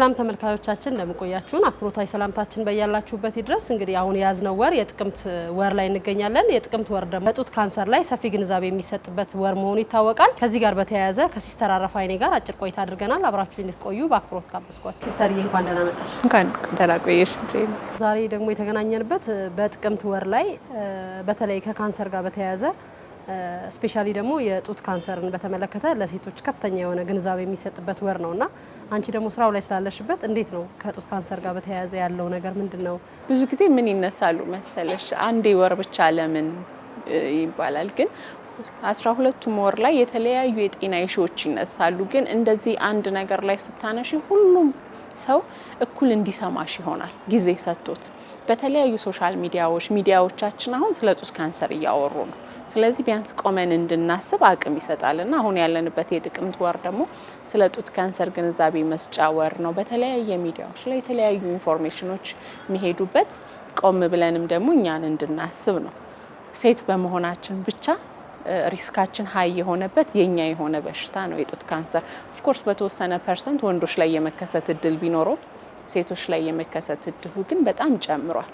ሰላም ተመልካዮቻችን እንደምንቆያችሁን አክብሮታዊ ሰላምታችን በያላችሁበት ይድረስ። እንግዲህ አሁን የያዝነው ወር የጥቅምት ወር ላይ እንገኛለን። የጥቅምት ወር ደግሞ በጡት ካንሰር ላይ ሰፊ ግንዛቤ የሚሰጥበት ወር መሆኑ ይታወቃል። ከዚህ ጋር በተያያዘ ከሲስተር አረፋይኔ ጋር አጭር ቆይታ አድርገናል። አብራችሁ እንድትቆዩ በአክብሮት ጋብዝኳችሁ። ሲስተርዬ እንኳን ደህና መጣሽ። እንኳን ደህና ቆየሽ። ዛሬ ደግሞ የተገናኘንበት በጥቅምት ወር ላይ በተለይ ከካንሰር ጋር በተያያዘ ስፔሻሊ ደግሞ የጡት ካንሰርን በተመለከተ ለሴቶች ከፍተኛ የሆነ ግንዛቤ የሚሰጥበት ወር ነው እና አንቺ ደግሞ ስራው ላይ ስላለሽበት እንዴት ነው ከጡት ካንሰር ጋር በተያያዘ ያለው ነገር ምንድን ነው? ብዙ ጊዜ ምን ይነሳሉ መሰለሽ አንዴ ወር ብቻ ለምን ይባላል ግን አስራ ሁለቱም ወር ላይ የተለያዩ የጤና ይሾዎች ይነሳሉ። ግን እንደዚህ አንድ ነገር ላይ ስታነሺ ሁሉም ሰው እኩል እንዲሰማሽ ይሆናል ጊዜ ሰጥቶት። በተለያዩ ሶሻል ሚዲያዎች ሚዲያዎቻችን አሁን ስለ ጡት ካንሰር እያወሩ ነው። ስለዚህ ቢያንስ ቆመን እንድናስብ አቅም ይሰጣል እና አሁን ያለንበት የጥቅምት ወር ደግሞ ስለ ጡት ካንሰር ግንዛቤ መስጫ ወር ነው። በተለያየ ሚዲያዎች ላይ የተለያዩ ኢንፎርሜሽኖች የሚሄዱበት ቆም ብለንም ደግሞ እኛን እንድናስብ ነው። ሴት በመሆናችን ብቻ ሪስካችን ሀይ የሆነበት የኛ የሆነ በሽታ ነው የጡት ካንሰር። ኦፍኮርስ በተወሰነ ፐርሰንት ወንዶች ላይ የመከሰት እድል ቢኖረው ሴቶች ላይ የመከሰት እድሉ ግን በጣም ጨምሯል።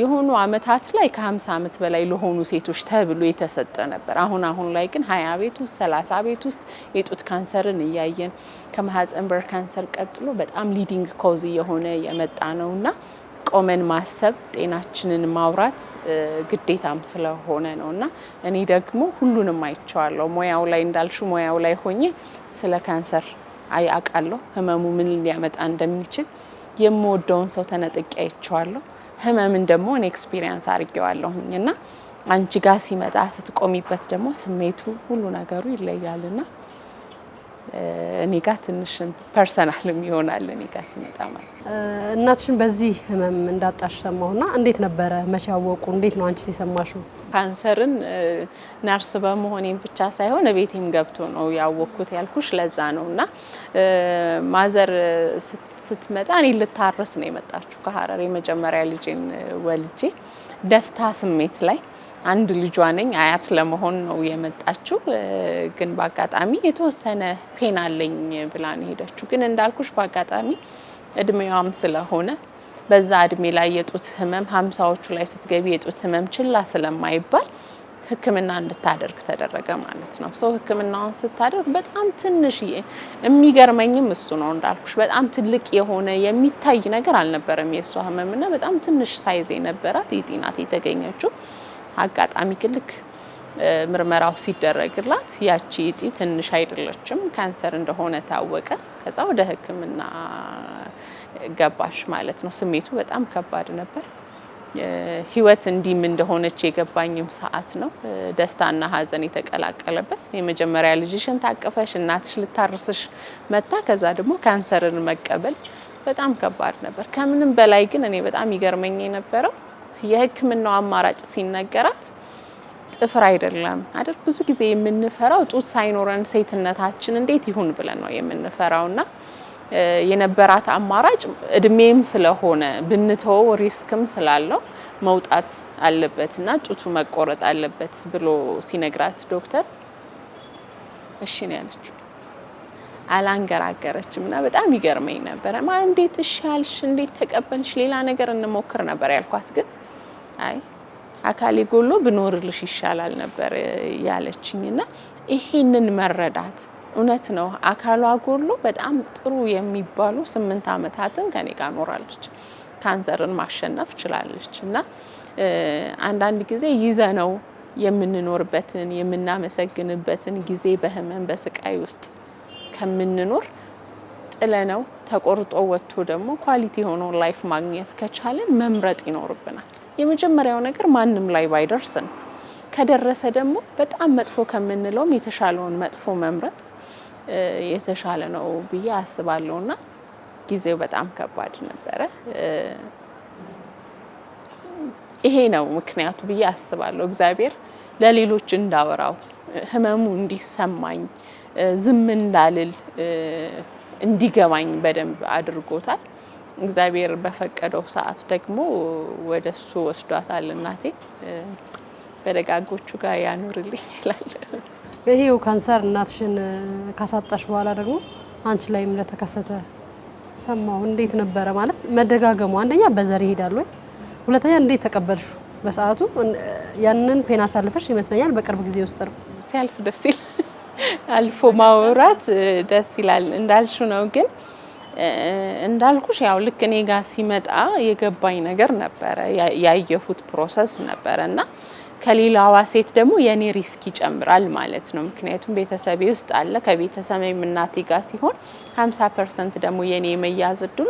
የሆኑ አመታት ላይ ከ50 አመት በላይ ለሆኑ ሴቶች ተብሎ የተሰጠ ነበር። አሁን አሁን ላይ ግን 20 ቤት ውስጥ 30 ቤት ውስጥ የጡት ካንሰርን እያየን ከማህፀን በር ካንሰር ቀጥሎ በጣም ሊዲንግ ኮዝ እየሆነ የመጣ ነውና ቆመን ማሰብ ጤናችንን ማውራት ግዴታም ስለሆነ ነው እና እኔ ደግሞ ሁሉንም አይቸዋለሁ ሙያው ላይ እንዳልሹ ሙያው ላይ ሆኜ ስለ ካንሰር አውቃለሁ፣ ህመሙ ምን ሊያመጣ እንደሚችል የምወደውን ሰው ተነጥቄ አይቸዋለሁ። ህመምን ደግሞ እኔ ኤክስፒሪየንስ አድርጌዋለሁኝ እና አንቺ ጋር ሲመጣ ስትቆሚበት ደግሞ ስሜቱ ሁሉ ነገሩ ይለያል እና እኔ ጋር ትንሽ ፐርሰናልም ይሆናል እኔ ጋር ሲመጣ ማለት። እናትሽን በዚህ ህመም እንዳጣሽ ሰማሁና እንዴት ነበረ? መቼ አወቁ? እንዴት ነው አንቺ ሲሰማሹ? ካንሰርን ነርስ በመሆኔም ብቻ ሳይሆን ቤቴም ገብቶ ነው ያወቅኩት ያልኩሽ ለዛ ነው። እና ማዘር ስትመጣ እኔ ልታርስ ነው የመጣችሁ ከሀረር የመጀመሪያ ልጄን ወልጄ ደስታ ስሜት ላይ አንድ ልጇ ነኝ አያት ለመሆን ነው የመጣችው። ግን በአጋጣሚ የተወሰነ ፔን አለኝ ብላ ነው ሄደችው። ግን እንዳልኩሽ በአጋጣሚ እድሜዋም ስለሆነ በዛ እድሜ ላይ የጡት ህመም ሀምሳዎቹ ላይ ስትገቢ የጡት ህመም ችላ ስለማይባል ህክምና እንድታደርግ ተደረገ ማለት ነው። ሰው ህክምናውን ስታደርግ በጣም ትንሽ የሚገርመኝም እሱ ነው እንዳልኩሽ፣ በጣም ትልቅ የሆነ የሚታይ ነገር አልነበረም የእሷ ህመምና በጣም ትንሽ ሳይዝ የነበራት የጤናት የተገኘችው አጋጣሚ ክልክ ምርመራው ሲደረግላት ያቺ እጢ ትንሽ አይደለችም፣ ካንሰር እንደሆነ ታወቀ። ከዛ ወደ ሕክምና ገባሽ ማለት ነው። ስሜቱ በጣም ከባድ ነበር። ህይወት እንዲም እንደሆነች የገባኝም ሰዓት ነው። ደስታና ሀዘን የተቀላቀለበት የመጀመሪያ ልጅሽን ታቅፈሽ እናትሽ ልታርስሽ መታ። ከዛ ደግሞ ካንሰርን መቀበል በጣም ከባድ ነበር። ከምንም በላይ ግን እኔ በጣም ይገርመኝ የነበረው የህክምናው አማራጭ ሲነገራት ጥፍር አይደለም አይደል? ብዙ ጊዜ የምንፈራው ጡት ሳይኖረን ሴትነታችን እንዴት ይሁን ብለን ነው የምንፈራው። እና የነበራት አማራጭ እድሜም ስለሆነ ብንተው ሪስክም ስላለው መውጣት አለበት እና ጡቱ መቆረጥ አለበት ብሎ ሲነግራት ዶክተር እሺ ነው ያለችው። አላንገራገረችም እና በጣም ይገርመኝ ነበረ። ማ እንዴት እሺ አልሽ? እንዴት ተቀበልሽ? ሌላ ነገር እንሞክር ነበር ያልኳት ግን አይ አካሌ ጎሎ ብኖርልሽ ይሻላል ነበር ያለችኝ እና ይሄንን መረዳት እውነት ነው። አካሏ ጎሎ በጣም ጥሩ የሚባሉ ስምንት ዓመታትን ከኔ ጋር ኖራለች። ካንሰርን ማሸነፍ ችላለች እና አንዳንድ ጊዜ ይዘ ነው የምንኖርበትን የምናመሰግንበትን ጊዜ በህመም በስቃይ ውስጥ ከምንኖር ጥለ ነው ተቆርጦ ወጥቶ ደግሞ ኳሊቲ የሆነውን ላይፍ ማግኘት ከቻለን መምረጥ ይኖርብናል። የመጀመሪያው ነገር ማንም ላይ ባይደርስ ነው። ከደረሰ ደግሞ በጣም መጥፎ ከምንለውም የተሻለውን መጥፎ መምረጥ የተሻለ ነው ብዬ አስባለሁ። እና ጊዜው በጣም ከባድ ነበረ። ይሄ ነው ምክንያቱ ብዬ አስባለሁ። እግዚአብሔር ለሌሎች እንዳወራው ህመሙ እንዲሰማኝ ዝም እንዳልል እንዲገባኝ በደንብ አድርጎታል። እግዚአብሔር በፈቀደው ሰዓት ደግሞ ወደ እሱ ወስዷታል። እናቴ በደጋጎቹ ጋር ያኑርልኝ ይላል። ይሄው ካንሰር እናትሽን ካሳጣሽ በኋላ ደግሞ አንቺ ላይም ለተከሰተ ሰማሁ። እንዴት ነበረ ማለት መደጋገሙ? አንደኛ በዘር ይሄዳል ወይ? ሁለተኛ እንዴት ተቀበልሹ? በሰዓቱ ያንን ፔን አሳልፈሽ ይመስለኛል በቅርብ ጊዜ ውስጥ ሲያልፍ ደስ ይላል፣ አልፎ ማውራት ደስ ይላል። እንዳልሹ ነው ግን እንዳልኩሽ ያው ልክ እኔ ጋር ሲመጣ የገባኝ ነገር ነበረ፣ ያየሁት ፕሮሰስ ነበረ እና ከሌላዋ ሴት ደግሞ የእኔ ሪስክ ይጨምራል ማለት ነው። ምክንያቱም ቤተሰቤ ውስጥ አለ ከቤተሰብ እናቴ ጋር ሲሆን 50 ፐርሰንት ደግሞ የእኔ የመያዝ እድሉ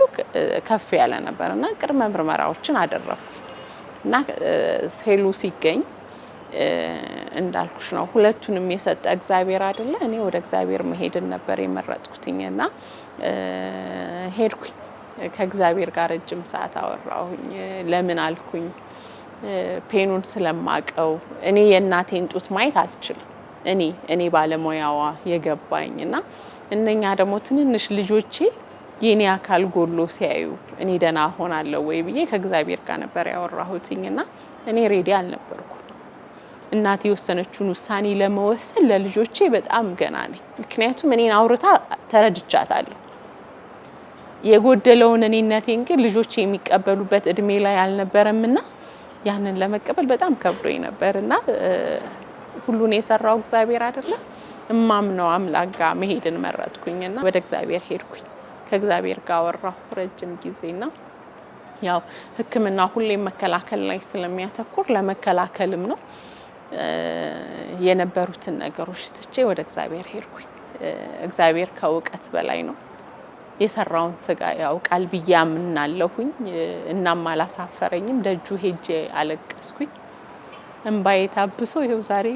ከፍ ያለ ነበር እና ቅድመ ምርመራዎችን አደረግኩ እና ሴሉ ሲገኝ እንዳልኩሽ ነው ሁለቱንም የሰጠ እግዚአብሔር አይደለ? እኔ ወደ እግዚአብሔር መሄድን ነበር የመረጥኩትኝ እና ሄድኩኝ። ከእግዚአብሔር ጋር ረጅም ሰዓት አወራሁኝ። ለምን አልኩኝ፣ ፔኑን ስለማቀው እኔ የእናቴን ጡት ማየት አልችልም። እኔ እኔ ባለሙያዋ የገባኝ እና እነኛ ደግሞ ትንንሽ ልጆቼ የኔ አካል ጎሎ ሲያዩ እኔ ደህና ሆናለሁ ወይ ብዬ ከእግዚአብሔር ጋር ነበር ያወራሁትኝ እና እኔ ሬዲ አልነበርኩ እናት የወሰነችውን ውሳኔ ለመወሰን ለልጆቼ በጣም ገና ነኝ። ምክንያቱም እኔን አውርታ ተረድቻታለሁ። የጎደለውን እኔነቴን ግን ልጆቼ የሚቀበሉበት እድሜ ላይ አልነበረም እና ያንን ለመቀበል በጣም ከብዶኝ ነበር እና ሁሉን የሰራው እግዚአብሔር አይደለም እማምነው አምላክ ጋር መሄድን መረጥኩኝና ወደ እግዚአብሔር ሄድኩኝ። ከእግዚአብሔር ጋር አወራሁ ረጅም ጊዜና ያው ሕክምና ሁሌም መከላከል ላይ ስለሚያተኩር ለመከላከልም ነው የነበሩትን ነገሮች ትቼ ወደ እግዚአብሔር ሄድኩኝ። እግዚአብሔር ከእውቀት በላይ ነው። የሰራውን ስጋ ያውቃል ብዬ አምናለሁኝ። እናም አላሳፈረኝም። ደጁ ሄጄ አለቀስኩኝ። እንባዬ ታብሶ ይኸው ዛሬ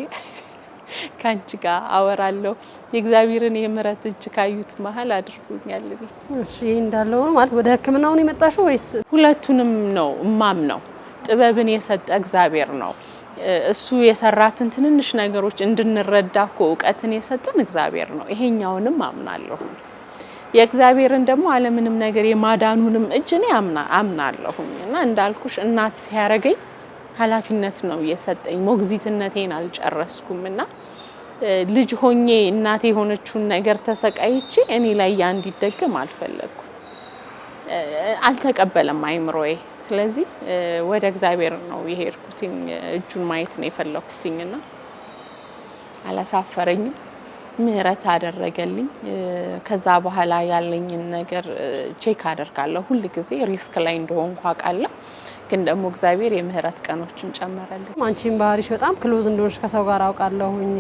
ከአንቺ ጋር አወራለሁ። የእግዚአብሔርን የምሕረት እጅ ካዩት መሀል አድርጎኛል። እሺ እንዳለው ነው ማለት ወደ ሕክምናውን የመጣሽው ወይስ? ሁለቱንም ነው እማም ነው። ጥበብን የሰጠ እግዚአብሔር ነው። እሱ የሰራትን ትንንሽ ነገሮች እንድንረዳ እኮ እውቀትን የሰጠን እግዚአብሔር ነው። ይሄኛውንም አምናለሁ። የእግዚአብሔርን ደግሞ አለምንም ነገር የማዳኑንም እጅ እኔ አምናለሁኝ እና እንዳልኩሽ እናት ሲያረገኝ ኃላፊነት ነው የሰጠኝ። ሞግዚትነቴን አልጨረስኩም እና ልጅ ሆኜ እናቴ የሆነችውን ነገር ተሰቃይቼ እኔ ላይ ያ እንዲደገም አልፈለግኩም። አልተቀበለም አይምሮዬ። ስለዚህ ወደ እግዚአብሔር ነው የሄድኩትኝ፣ እጁን ማየት ነው የፈለኩትኝ እና አላሳፈረኝም። ምህረት አደረገልኝ። ከዛ በኋላ ያለኝን ነገር ቼክ አደርጋለሁ ሁል ጊዜ ሪስክ ላይ እንደሆንኩ አውቃለሁ። ግን ደግሞ እግዚአብሔር የምህረት ቀኖችን ጨመረልኝ። አንቺን ባህሪሽ በጣም ክሎዝ እንደሆንሽ ከሰው ጋር አውቃለሁኝ።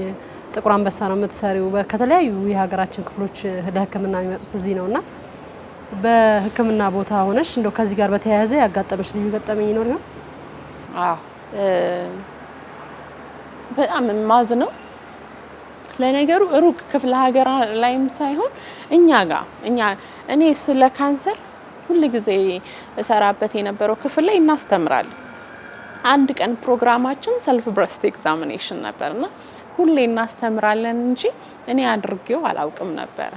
ጥቁር አንበሳ ነው የምትሰሪው። ከተለያዩ የሀገራችን ክፍሎች ለህክምና የሚመጡት እዚህ ነው እና በህክምና ቦታ ሆነሽ እንደው ከዚህ ጋር በተያያዘ ያጋጠመሽ ልዩ ገጠመኝ ይኖር ይሆን? አዎ በጣም ማዝ ነው። ለነገሩ ሩቅ ክፍለ ሀገር ላይም ሳይሆን እኛ ጋር እኛ እኔ ስለ ካንሰር ሁል ጊዜ እሰራበት የነበረው ክፍል ላይ እናስተምራለን። አንድ ቀን ፕሮግራማችን ሰልፍ ብረስት ኤግዛሚኔሽን ነበርና ሁሌ እናስተምራለን እንጂ እኔ አድርጌው አላውቅም ነበረ።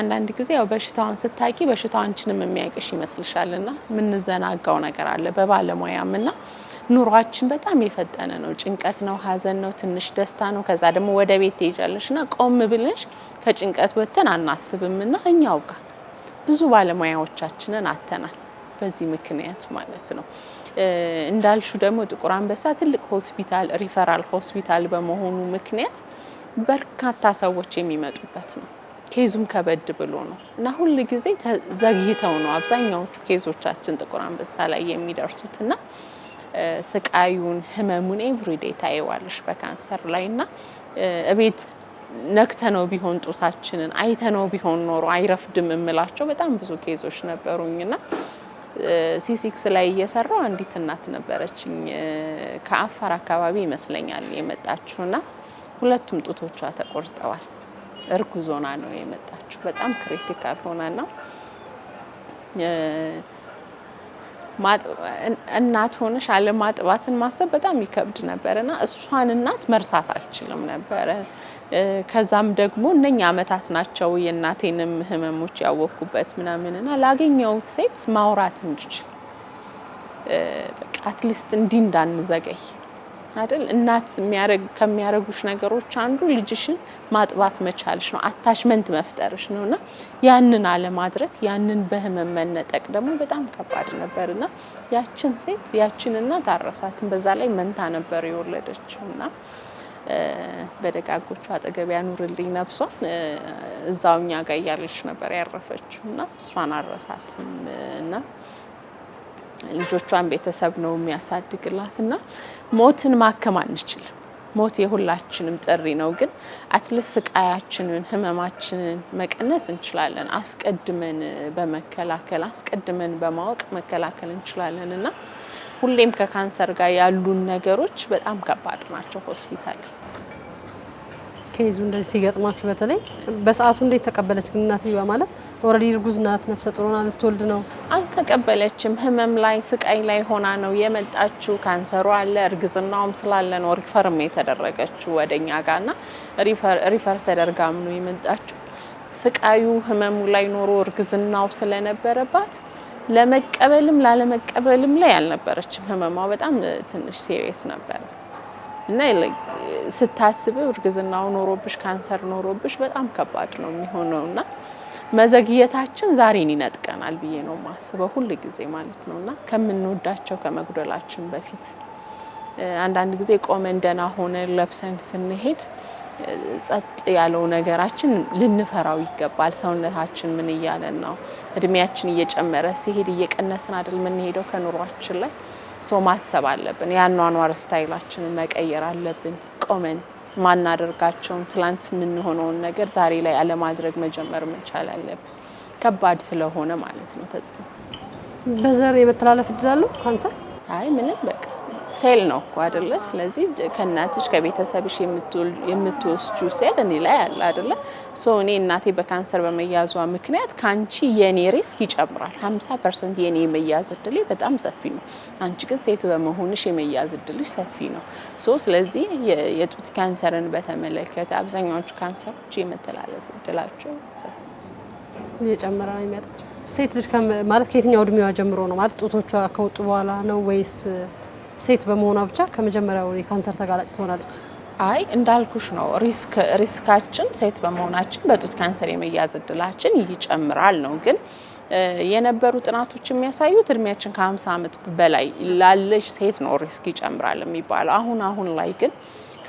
አንዳንድ ጊዜ ያው በሽታውን ስታቂ በሽታው አንችንም የሚያቅሽ ይመስልሻል። ና የምንዘናጋው ነገር አለ በባለሙያም ና ኑሯችን በጣም የፈጠነ ነው። ጭንቀት ነው፣ ሀዘን ነው፣ ትንሽ ደስታ ነው። ከዛ ደግሞ ወደ ቤት ትሄጃለሽ ና ቆም ብልሽ ከጭንቀት ወጥተን አናስብም ና እኛው ጋር ብዙ ባለሙያዎቻችንን አተናል በዚህ ምክንያት ማለት ነው። እንዳልሹ ደግሞ ጥቁር አንበሳ ትልቅ ሆስፒታል ሪፈራል ሆስፒታል በመሆኑ ምክንያት በርካታ ሰዎች የሚመጡበት ነው። ኬዙም ከበድ ብሎ ነው እና ሁል ጊዜ ዘግይተው ነው አብዛኛዎቹ ኬዞቻችን ጥቁር አንበሳ ላይ የሚደርሱት እና ስቃዩን ህመሙን ኤቭሪዴ ታየዋለሽ በካንሰር ላይ እና እቤት ነክተ ነው ቢሆን ጡታችንን አይተ ነው ቢሆን ኖሮ አይረፍድም የምላቸው በጣም ብዙ ኬዞች ነበሩኝ እና ሲሲክስ ላይ እየሰራው አንዲት እናት ነበረችኝ ከአፋር አካባቢ ይመስለኛል የመጣችሁና ሁለቱም ጡቶቿ ተቆርጠዋል። እርጉዝ ሆና ነው የመጣችው። በጣም ክሪቲካል ሆና ና እናት ሆነሽ አለማጥባትን ማሰብ በጣም ይከብድ ነበር እና እሷን እናት መርሳት አልችልም ነበረ። ከዛም ደግሞ እነኛ አመታት ናቸው የእናቴንም ህመሞች ያወቅኩበት ምናምን እና ላገኘሁት ሴት ማውራት እንድችል በቃ አትሊስት እንዲህ እንዳንዘገይ አይደል እናት ከሚያደርጉሽ ነገሮች አንዱ ልጅሽን ማጥባት መቻልሽ ነው፣ አታችመንት መፍጠርሽ ነው። እና ያንን አለማድረግ ያንን በህመም መነጠቅ ደግሞ በጣም ከባድ ነበር እና ያችን ሴት ያችን እናት አረሳትን። በዛ ላይ መንታ ነበር የወለደችው እና በደጋጎቹ አጠገብ ያኑርልኝ ነብሷን። እዛው እኛ ጋር እያለች ነበር ያረፈችው እና እሷን አረሳትም እና ልጆቿን ቤተሰብ ነው የሚያሳድግላት እና ሞትን ማከም አንችልም። ሞት የሁላችንም ጥሪ ነው። ግን አትሊስት ስቃያችንን፣ ህመማችንን መቀነስ እንችላለን። አስቀድመን በመከላከል አስቀድመን በማወቅ መከላከል እንችላለን እና ሁሌም ከካንሰር ጋር ያሉን ነገሮች በጣም ከባድ ናቸው ሆስፒታል ከይዙ እንደዚህ ሲገጥማችሁ በተለይ በሰዓቱ እንዴት ተቀበለች እናትየዋ? ማለት ኦልሬዲ እርጉዝ ናት፣ ነፍሰ ጡር ሆና ልትወልድ ነው። አልተቀበለችም። ህመም ላይ ስቃይ ላይ ሆና ነው የመጣችው። ካንሰሩ አለ፣ እርግዝናውም ስላለ ነው ሪፈርም የተደረገችው ወደኛ ጋርና ሪፈር ተደርጋም ነው የመጣችው። ስቃዩ ህመሙ ላይ ኖሮ እርግዝናው ስለነበረባት ለመቀበልም ላለመቀበልም ላይ አልነበረችም። ህመሟ በጣም ትንሽ ሴሪየስ ነበረ። እና ስታስቢው እርግዝናው ኖሮብሽ ካንሰር ኖሮብሽ በጣም ከባድ ነው የሚሆነው እና መዘግየታችን ዛሬን ይነጥቀናል ብዬ ነው ማስበው ሁል ጊዜ ማለት ነው እና ከምንወዳቸው ከመጉደላችን በፊት አንዳንድ ጊዜ ቆመን ደህና ሆነን ለብሰን ስንሄድ ጸጥ ያለው ነገራችን ልንፈራው ይገባል። ሰውነታችን ምን እያለን ነው? እድሜያችን እየጨመረ ሲሄድ እየቀነስን አይደል የምንሄደው ከኑሯችን ላይ ሰው ማሰብ አለብን። የአኗኗር ስታይላችንን መቀየር አለብን። ቆመን ማናደርጋቸውን ትላንት የምንሆነውን ነገር ዛሬ ላይ አለማድረግ መጀመር መቻል አለብን። ከባድ ስለሆነ ማለት ነው። ተጽዕኖ በዘር የመተላለፍ እድል አለው ካንሰር። አይ ምንም በቃ ሴል ነው እኮ አይደለ? ስለዚህ ከእናትሽ ከቤተሰብሽ የምትወስጁ ሴል እኔ ላይ አለ አደለ? ሶ እኔ እናቴ በካንሰር በመያዟ ምክንያት ከአንቺ የኔ ሪስክ ይጨምራል። ሀምሳ ፐርሰንት የኔ የመያዝ እድሌ በጣም ሰፊ ነው። አንቺ ግን ሴት በመሆንሽ የመያዝ እድልሽ ሰፊ ነው። ሶ ስለዚህ የጡት ካንሰርን በተመለከተ አብዛኛዎቹ ካንሰሮች የመተላለፍ እድላቸው እየጨመረ ነው ሴት ልጅ ማለት ከየትኛው እድሜዋ ጀምሮ ነው ማለት ጡቶቿ ከወጡ በኋላ ነው ወይስ ሴት በመሆኗ ብቻ ከመጀመሪያው የካንሰር ተጋላጭ ትሆናለች? አይ እንዳልኩሽ ነው ሪስክ ሪስካችን ሴት በመሆናችን በጡት ካንሰር የመያዝ እድላችን ይጨምራል ነው ግን የነበሩ ጥናቶች የሚያሳዩት እድሜያችን ከ50 ዓመት በላይ ላለች ሴት ነው ሪስክ ይጨምራል የሚባለው። አሁን አሁን ላይ ግን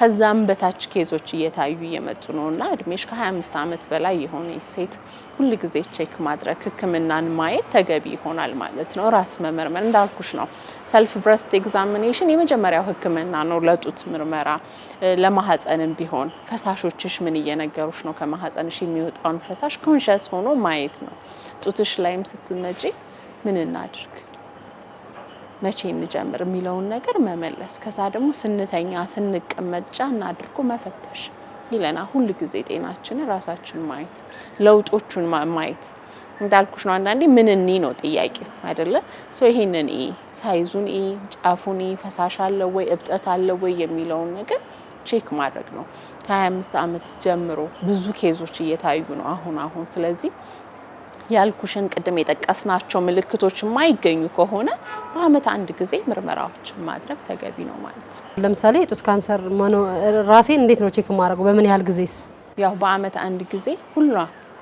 ከዛም በታች ኬዞች እየታዩ እየመጡ ነው እና እድሜሽ ከ25 ዓመት በላይ የሆነ ሴት ሁል ጊዜ ቼክ ማድረግ ህክምናን ማየት ተገቢ ይሆናል ማለት ነው። ራስ መመርመር እንዳልኩሽ ነው። ሰልፍ ብረስት ኤግዛሚኔሽን የመጀመሪያው ህክምና ነው ለጡት ምርመራ። ለማህፀንም ቢሆን ፈሳሾችሽ ምን እየነገሩሽ ነው፣ ከማህፀንሽ የሚወጣውን ፈሳሽ ኮንሽስ ሆኖ ማየት ነው። ጡትሽ ላይም ስትመጪ ምን እናድርግ መቼ እንጀምር የሚለውን ነገር መመለስ፣ ከዛ ደግሞ ስንተኛ ስንቀመጥ ጫና አድርጎ መፈተሽ ይለና ሁል ጊዜ ጤናችንን ራሳችን ማየት ለውጦቹን ማየት እንዳልኩሽ ነው። አንዳንዴ ምን እኒ ነው ጥያቄ አይደለ? ሶ ይሄንን ኢ ሳይዙን ኢ ጫፉን ኢ ፈሳሽ አለው ወይ እብጠት አለው ወይ የሚለውን ነገር ቼክ ማድረግ ነው። ከ25 ዓመት ጀምሮ ብዙ ኬዞች እየታዩ ነው አሁን አሁን ስለዚህ ያልኩሽን ቅድም የጠቀስናቸው ምልክቶች የማይገኙ ከሆነ በአመት አንድ ጊዜ ምርመራዎችን ማድረግ ተገቢ ነው ማለት ነው። ለምሳሌ የጡት ካንሰር ራሴን እንዴት ነው ቼክ የማደርገው? በምን ያህል ጊዜስ? ያው በአመት አንድ ጊዜ ሁሉ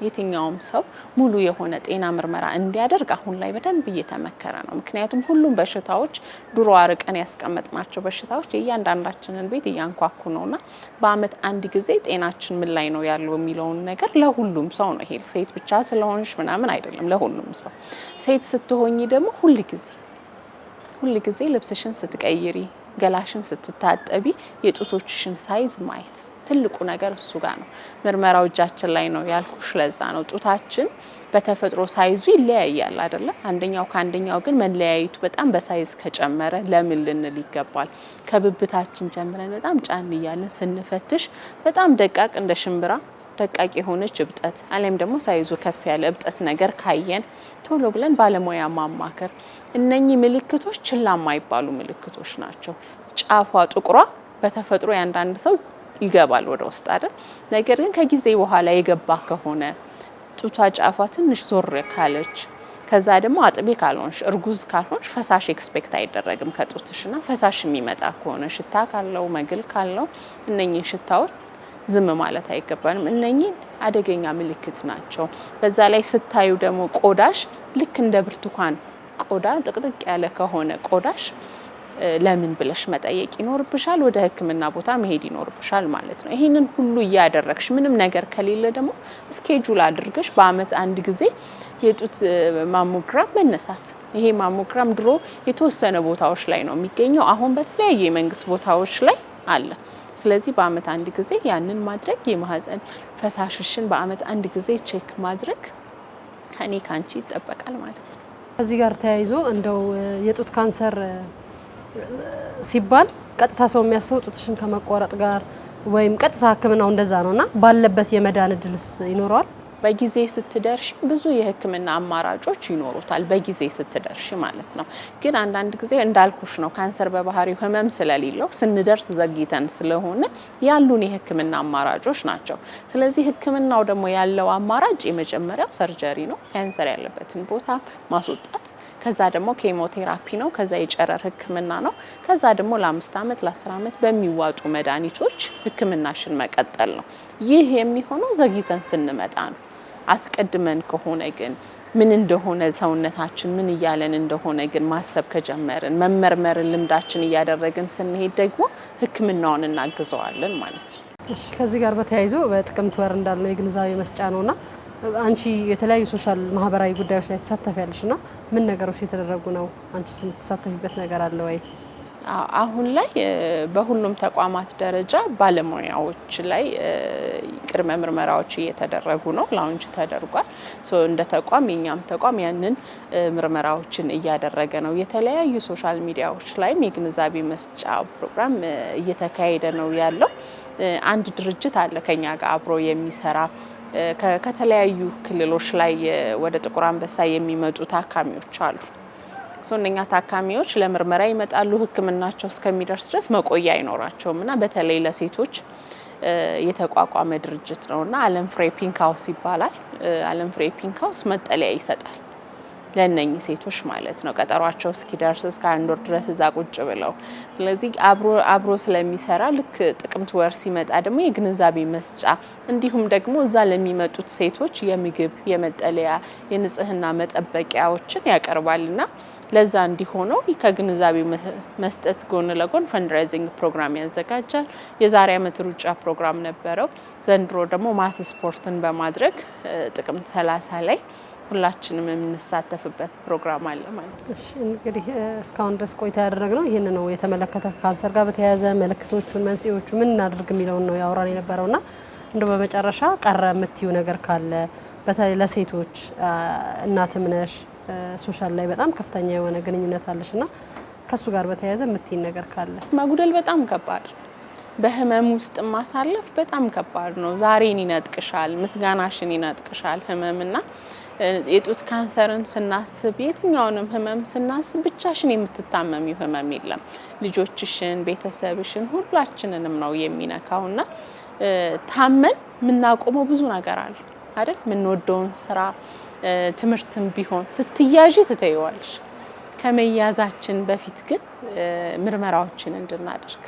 የትኛውም ሰው ሙሉ የሆነ ጤና ምርመራ እንዲያደርግ አሁን ላይ በደንብ እየተመከረ ነው። ምክንያቱም ሁሉም በሽታዎች ድሮ አርቀን ያስቀመጥናቸው በሽታዎች የእያንዳንዳችንን ቤት እያንኳኩ ነውና በአመት አንድ ጊዜ ጤናችን ምን ላይ ነው ያለው የሚለውን ነገር ለሁሉም ሰው ነው። ይሄ ሴት ብቻ ስለሆንሽ ምናምን አይደለም፣ ለሁሉም ሰው። ሴት ስትሆኚ ደግሞ ሁል ጊዜ ሁል ጊዜ ልብስሽን ስትቀይሪ፣ ገላሽን ስትታጠቢ የጡቶችሽን ሳይዝ ማየት ትልቁ ነገር እሱ ጋር ነው። ምርመራው እጃችን ላይ ነው ያልኩሽ። ለዛ ነው ጡታችን በተፈጥሮ ሳይዙ ይለያያል አይደለ? አንደኛው ከአንደኛው ግን መለያየቱ በጣም በሳይዝ ከጨመረ ለምን ልንል ይገባል። ከብብታችን ጀምረን በጣም ጫን እያለን ስንፈትሽ በጣም ደቃቅ እንደ ሽምብራ ደቃቅ የሆነች እብጠት አሊያም ደግሞ ሳይዙ ከፍ ያለ እብጠት ነገር ካየን ቶሎ ብለን ባለሙያ ማማከር። እነኚህ ምልክቶች ችላ የማይባሉ ምልክቶች ናቸው። ጫፏ ጥቁሯ በተፈጥሮ የአንዳንድ ሰው ይገባል ወደ ውስጥ አይደል። ነገር ግን ከጊዜ በኋላ የገባ ከሆነ ጡቷ ጫፏ ትንሽ ዞር ካለች ከዛ ደግሞ አጥቤ ካልሆንሽ እርጉዝ ካልሆንሽ ፈሳሽ ኤክስፔክት አይደረግም ከጡትሽ ና ፈሳሽ የሚመጣ ከሆነ ሽታ ካለው መግል ካለው እነኚህ ሽታዎች ዝም ማለት አይገባንም። እነኚህ አደገኛ ምልክት ናቸው። በዛ ላይ ስታዩ ደግሞ ቆዳሽ ልክ እንደ ብርቱካን ቆዳ ጥቅጥቅ ያለ ከሆነ ቆዳሽ ለምን ብለሽ መጠየቅ ይኖርብሻል። ወደ ህክምና ቦታ መሄድ ይኖርብሻል ማለት ነው። ይሄንን ሁሉ እያደረግሽ ምንም ነገር ከሌለ ደግሞ ስኬጁል አድርገሽ በአመት አንድ ጊዜ የጡት ማሞግራም መነሳት። ይሄ ማሞግራም ድሮ የተወሰነ ቦታዎች ላይ ነው የሚገኘው፣ አሁን በተለያዩ የመንግስት ቦታዎች ላይ አለ። ስለዚህ በአመት አንድ ጊዜ ያንን ማድረግ የማህፀን ፈሳሽሽን በአመት አንድ ጊዜ ቼክ ማድረግ ከኔ ካንቺ ይጠበቃል ማለት ነው። ከዚህ ጋር ተያይዞ እንደው የጡት ካንሰር ሲባል ቀጥታ ሰው የሚያስበው ጡትሽን ከመቆረጥ ጋር ወይም ቀጥታ ሕክምናው እንደዛ ነውና ባለበት የመዳን እድልስ ይኖረዋል? በጊዜ ስትደርሽ ብዙ የህክምና አማራጮች ይኖሩታል። በጊዜ ስትደርሽ ማለት ነው። ግን አንዳንድ ጊዜ እንዳልኩሽ ነው፣ ካንሰር በባህሪው ህመም ስለሌለው ስንደርስ ዘግይተን ስለሆነ ያሉን የህክምና አማራጮች ናቸው። ስለዚህ ህክምናው ደግሞ ያለው አማራጭ የመጀመሪያው ሰርጀሪ ነው። ካንሰር ያለበትን ቦታ ማስወጣት ከዛ ደግሞ ኬሞቴራፒ ነው። ከዛ የጨረር ህክምና ነው። ከዛ ደግሞ ለአምስት ዓመት ለአስር ዓመት በሚዋጡ መድኃኒቶች ህክምናሽን መቀጠል ነው። ይህ የሚሆነው ዘግይተን ስንመጣ ነው። አስቀድመን ከሆነ ግን ምን እንደሆነ ሰውነታችን ምን እያለን እንደሆነ ግን ማሰብ ከጀመርን መመርመርን ልምዳችን እያደረግን ስንሄድ ደግሞ ህክምናውን እናግዘዋለን ማለት ነው። ከዚህ ጋር በተያይዞ በጥቅምት ወር እንዳለው የግንዛቤ መስጫ ነውና አንቺ የተለያዩ ሶሻል ማህበራዊ ጉዳዮች ላይ ትሳተፊያለሽ ና ምን ነገሮች የተደረጉ ነው? አንቺ የምትሳተፊበት ነገር አለ ወይ? አሁን ላይ በሁሉም ተቋማት ደረጃ ባለሙያዎች ላይ ቅድመ ምርመራዎች እየተደረጉ ነው። ላውንች ተደርጓል። እንደ ተቋም የኛም ተቋም ያንን ምርመራዎችን እያደረገ ነው። የተለያዩ ሶሻል ሚዲያዎች ላይም የግንዛቤ መስጫ ፕሮግራም እየተካሄደ ነው ያለው። አንድ ድርጅት አለ ከኛ ጋር አብሮ የሚሰራ ከተለያዩ ክልሎች ላይ ወደ ጥቁር አንበሳ የሚመጡ ታካሚዎች አሉ። እነኛ ታካሚዎች ለምርመራ ይመጣሉ። ሕክምናቸው እስከሚደርስ ድረስ መቆያ አይኖራቸውም እና በተለይ ለሴቶች የተቋቋመ ድርጅት ነው እና አለም ፍሬ ፒንክ ሀውስ ይባላል። አለም ፍሬ ፒንክ ሀውስ መጠለያ ይሰጣል። ለነኚህ ሴቶች ማለት ነው። ቀጠሯቸው እስኪደርስ እስከ አንድ ወር ድረስ እዛ ቁጭ ብለው ስለዚህ አብሮ ስለሚሰራ ልክ ጥቅምት ወር ሲመጣ ደግሞ የግንዛቤ መስጫ እንዲሁም ደግሞ እዛ ለሚመጡት ሴቶች የምግብ፣ የመጠለያ፣ የንጽህና መጠበቂያዎችን ያቀርባልና ለዛ እንዲሆነው ከግንዛቤ መስጠት ጎን ለጎን ፈንድራይዚንግ ፕሮግራም ያዘጋጃል። የዛሬ ዓመት ሩጫ ፕሮግራም ነበረው። ዘንድሮ ደግሞ ማስ ስፖርትን በማድረግ ጥቅምት 30 ላይ ሁላችንም የምንሳተፍበት ፕሮግራም አለ ማለት ነው። እንግዲህ እስካሁን ድረስ ቆይታ ያደረግ ነው ይህን ነው የተመለከተ ካንሰር ጋር በተያያዘ ምልክቶቹን፣ መንስኤዎቹ ምን እናደርግ የሚለውን ነው ያወራን የነበረውና እንደ በመጨረሻ ቀረ የምትዩ ነገር ካለ በተለይ ለሴቶች እናትም ነሽ፣ ሶሻል ላይ በጣም ከፍተኛ የሆነ ግንኙነት አለሽ ና ከእሱ ጋር በተያያዘ የምትይን ነገር ካለ መጉደል በጣም ከባድ በህመም ውስጥ ማሳለፍ በጣም ከባድ ነው። ዛሬን ይነጥቅሻል፣ ምስጋናሽን ይነጥቅሻል ህመምና የጡት ካንሰርን ስናስብ፣ የትኛውንም ህመም ስናስብ ብቻሽን የምትታመሚው ህመም የለም። ልጆችሽን፣ ቤተሰብሽን ሁላችንንም ነው የሚነካው እና ታመን የምናቆመው ብዙ ነገር አለ አይደል? የምንወደውን ስራ ትምህርትም ቢሆን ስትያዥ ትተይዋለሽ። ከመያዛችን በፊት ግን ምርመራዎችን እንድናደርግ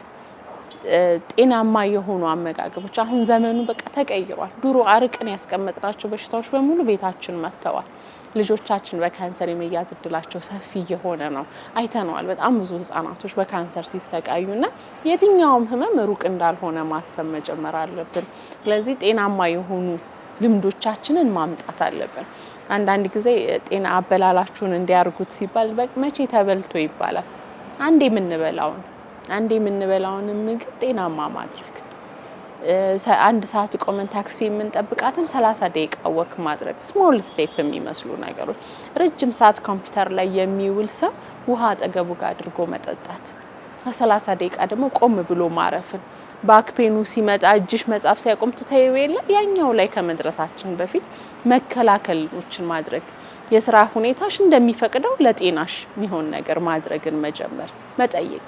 ጤናማ የሆኑ አመጋገቦች አሁን ዘመኑ በቃ ተቀይሯል። ድሮ አርቅን ያስቀመጥናቸው በሽታዎች በሙሉ ቤታችን መጥተዋል። ልጆቻችን በካንሰር የመያዝ እድላቸው ሰፊ እየሆነ ነው። አይተነዋል። በጣም ብዙ ህጻናቶች በካንሰር ሲሰቃዩና የትኛውም ህመም ሩቅ እንዳልሆነ ማሰብ መጀመር አለብን። ስለዚህ ጤናማ የሆኑ ልምዶቻችንን ማምጣት አለብን። አንዳንድ ጊዜ ጤና አበላላችሁን እንዲያርጉት ሲባል መቼ ተበልቶ ይባላል። አንድ የምንበላውን አንድ የምንበላውን ምግብ ጤናማ ማድረግ፣ አንድ ሰዓት ቆመን ታክሲ የምንጠብቃትም ሰላሳ ደቂቃ ወክ ማድረግ፣ ስሞል ስቴፕ የሚመስሉ ነገሮች። ረጅም ሰዓት ኮምፒውተር ላይ የሚውል ሰው ውሃ አጠገቡ ጋር አድርጎ መጠጣት፣ ከሰላሳ ደቂቃ ደግሞ ቆም ብሎ ማረፍን ባክፔኑ ሲመጣ እጅሽ መጻፍ ሲያቆም ትተይው የለ ያኛው ላይ ከመድረሳችን በፊት መከላከሎችን ማድረግ የስራ ሁኔታሽ እንደሚፈቅደው ለጤናሽ የሚሆን ነገር ማድረግን መጀመር መጠየቅ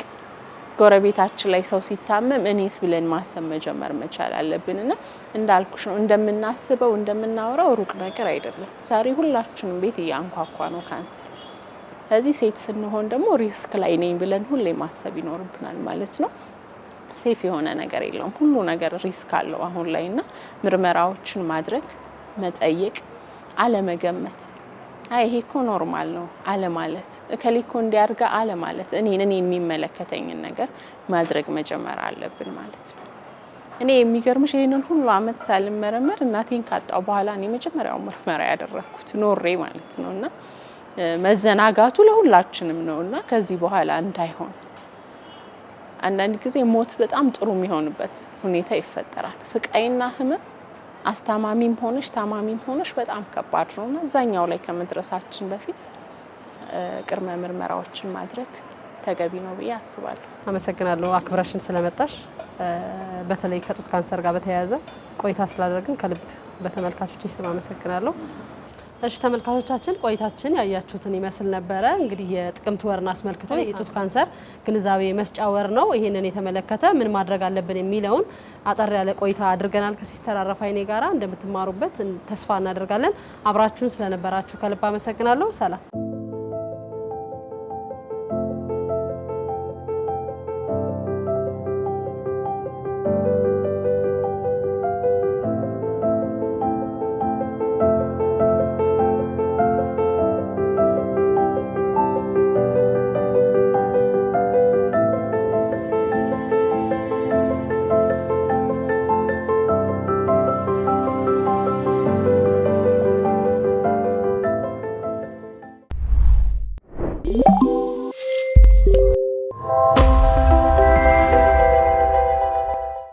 ጎረቤታችን ላይ ሰው ሲታመም እኔስ ብለን ማሰብ መጀመር መቻል አለብን። ና እንዳልኩሽ ነው እንደምናስበው እንደምናወራው ሩቅ ነገር አይደለም። ዛሬ ሁላችንም ቤት እያንኳኳ ነው ካንሰር። ከዚህ ሴት ስንሆን ደግሞ ሪስክ ላይ ነኝ ብለን ሁሌ ማሰብ ይኖርብናል ማለት ነው። ሴፍ የሆነ ነገር የለውም። ሁሉ ነገር ሪስክ አለው አሁን ላይ እና ምርመራዎችን ማድረግ መጠየቅ፣ አለመገመት አይ ይሄ እኮ ኖርማል ነው አለማለት፣ እከሌ እኮ እንዲያርጋ አለማለት፣ እኔን እኔ የሚመለከተኝን ነገር ማድረግ መጀመር አለብን ማለት ነው። እኔ የሚገርምሽ ይህንን ሁሉ አመት ሳልመረመር እናቴን ካጣው በኋላ እኔ መጀመሪያው ምርመራ ያደረግኩት ኖሬ ማለት ነው። እና መዘናጋቱ ለሁላችንም ነው እና ከዚህ በኋላ እንዳይሆን አንዳንድ ጊዜ ሞት በጣም ጥሩ የሚሆንበት ሁኔታ ይፈጠራል። ስቃይና ህመም አስታማሚም ሆነሽ ታማሚም ሆነሽ በጣም ከባድ ነው እና እዛኛው ላይ ከመድረሳችን በፊት ቅድመ ምርመራዎችን ማድረግ ተገቢ ነው ብዬ አስባለሁ። አመሰግናለሁ አክብረሽን ስለመጣሽ። በተለይ ከጡት ካንሰር ጋር በተያያዘ ቆይታ ስላደረግን ከልብ በተመልካቾች ስም አመሰግናለሁ። እሺ ተመልካቾቻችን ቆይታችን ያያችሁትን ይመስል ነበረ። እንግዲህ የጥቅምት ወርን አስመልክቶ የጡት ካንሰር ግንዛቤ መስጫ ወር ነው። ይህንን የተመለከተ ምን ማድረግ አለብን የሚለውን አጠር ያለ ቆይታ አድርገናል ከሲስተር አረፋይኔ ጋራ። እንደምትማሩበት ተስፋ እናደርጋለን። አብራችሁን ስለነበራችሁ ከልብ አመሰግናለሁ። ሰላም